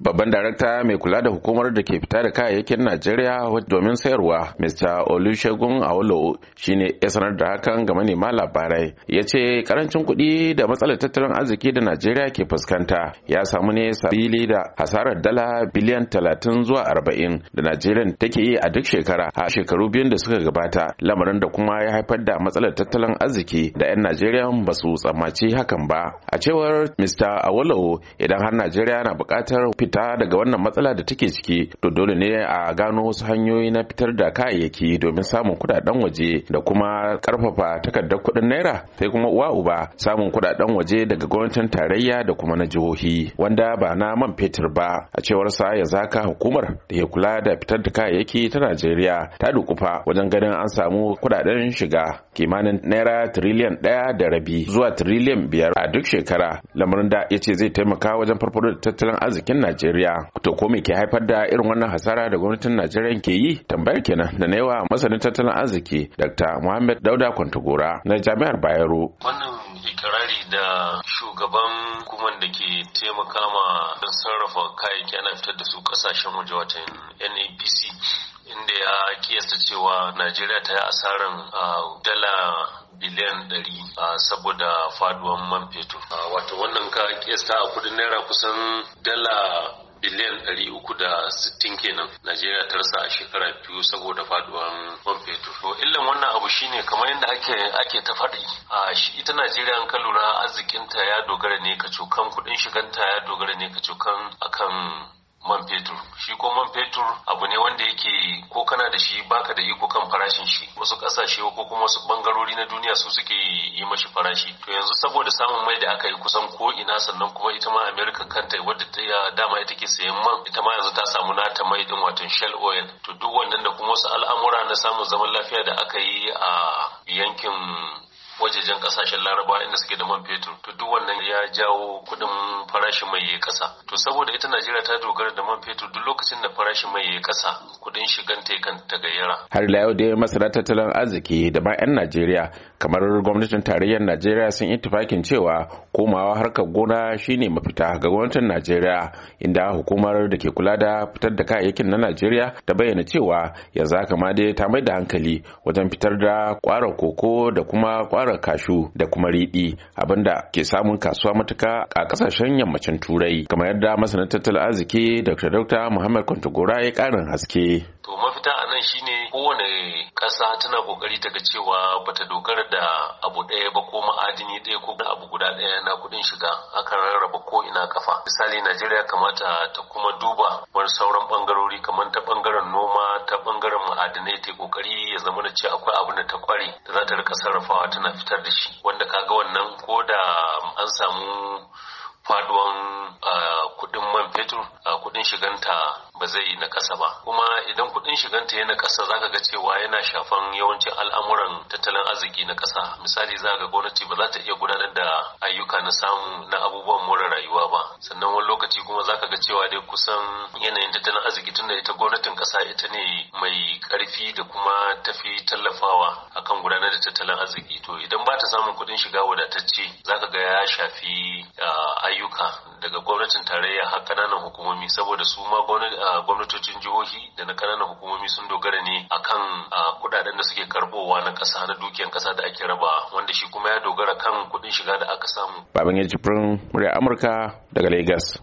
babban darakta mai kula da hukumar da ke fita da kayayyakin najeriya domin sayarwa mr olusegun awolo shine ya sanar da hakan ga manema labarai ya ce karancin kuɗi da matsalar tattalin arziki da najeriya ke fuskanta ya samu ne sabili da hasarar dala biliyan talatin zuwa arba'in da najeriya take yi a duk shekara a shekaru biyun da suka gabata lamarin da kuma ya haifar da matsalar tattalin arziki da 'yan najeriya ba su tsammaci hakan ba a cewar mr awolo idan har najeriya na buƙatar fita daga wannan matsala da take ciki to dole ne a gano wasu hanyoyi na fitar da kayayyaki domin samun kudaden waje da kuma karfafa takardar kuɗin naira sai kuma uwa uba samun kudaden waje daga gwamnatin tarayya da kuma na jihohi wanda ba na man fetur ba a cewar sa ya zaka hukumar da ke kula da fitar da kayayyaki ta Najeriya ta dukufa wajen ganin an samu kudaden shiga kimanin naira tiriliyan ɗaya da rabi zuwa tiriliyan biyar a duk shekara lamarin da ya ce zai taimaka wajen farfado da tattalin arzikin Najeriya Najeriya. To ko me ke haifar da irin wannan hasara da gwamnatin Najeriya ke yi? Tambayar kenan da naiwa masanin tattalin arziki Dr. Muhammad Dauda Kwantagora na Jami'ar Bayero. Wannan ikirari da shugaban hukumar da ke taimaka ma don sarrafa kayayyaki ana fitar da su kasashen waje watan NAPC inda ya kiyasta cewa Najeriya ta yi asaran dala biliyan ɗari saboda faduwan man fetur. Wato wannan ka kiyasta a kudin naira kusan dala miliyan 360 kenan Najeriya ta rasa a shekara biyu saboda faduwan man fetur. To illan wannan abu shine kamar yadda ake ake ta faɗi. A ita Najeriya an ka lura arzikinta ya dogara ne kacokan kuɗin shiganta ya dogara ne kacokan akan man fetur shi ko man fetur abu ne wanda yake ko kana da shi baka da iko kan farashin shi wasu kasashe ko kuma wasu bangarori na duniya su suke yi mashi farashi to yanzu saboda samun mai da aka yi kusan ko ina sannan kuma ita ma America kanta wadda ta dama ita ke sayan man ita ma yanzu ta samu nata mai din wato shell oil to duk wannan da kuma wasu al'amura na samun zaman lafiya da aka yi a wajejen kasashen laraba inda suke da man fetur to duk wannan ya jawo kudin farashin mai yayi kasa to saboda ita najeriya ta dogara da man fetur duk lokacin da farashin mai yayi kasa kudin shigan ta kan tagayyara har ila yau dai masana tattalin arziki da ma yan najeriya kamar gwamnatin tarayyar najeriya sun yi tafakin cewa komawa harkar gona shine mafita ga gwamnatin najeriya inda hukumar da ke kula da fitar da kayayyakin na najeriya ta bayyana cewa yanzu haka ma dai ta mai da hankali wajen fitar da kwara koko da kuma kwara kashu da kuma riɗi abinda ke samun kasuwa matuka a kasashen yammacin turai kamar yadda masanin tattalin arziki dr dr muhammad kwantagora ya ƙarin haske To mafita a nan shine kowane ƙasa tana kokari ta ga cewa bata dogara da abu ɗaya ba ko ma'adini ɗaya ko abu guda ɗaya na kuɗin shiga aka rarraba ko ina kafa. Misali Najeriya kamata ta kuma duba wani sauran ɓangarori kamar ta ɓangaren noma ta ɓangaren ma'adinai ta kokari ya zama da cewa akwai abu da ta kware da za ta rika sarrafawa tana fitar da shi wanda kaga wannan ko da an samu faduwan ah, kudin man fetur a ah, kuɗin shiganta ba zai yi na ƙasa ba kuma idan kuɗin shiganta ya ƙasa zaka ga cewa yana shafan yawancin al'amuran tattalin arziki na ƙasa misali za ga gwamnati ba za ta iya gudanar da ayyuka na samu na abubuwan more rayuwa ba sannan wani lokaci kuma zaka ga cewa dai kusan yanayin tattalin arziki tunda ita gwamnatin ƙasa ita ne mai ƙarfi da kuma tafi tallafawa akan gudanar da tattalin arziki to idan ba ta samun kuɗin shiga wadatacce zaka ga ya shafi ah, ayyuka daga gwamnatin tarayya har ƙananan hukumomi saboda su ma gwamnati gwamnatocin jihohi da na ƙananan hukumomi sun dogara ne akan kuɗaɗen da suke karbowa na ƙasa na dukiyan ƙasa da ake raba wanda shi kuma ya dogara kan kuɗin shiga da aka samu. Babangida Jibrin, murya Amurka daga Lagos.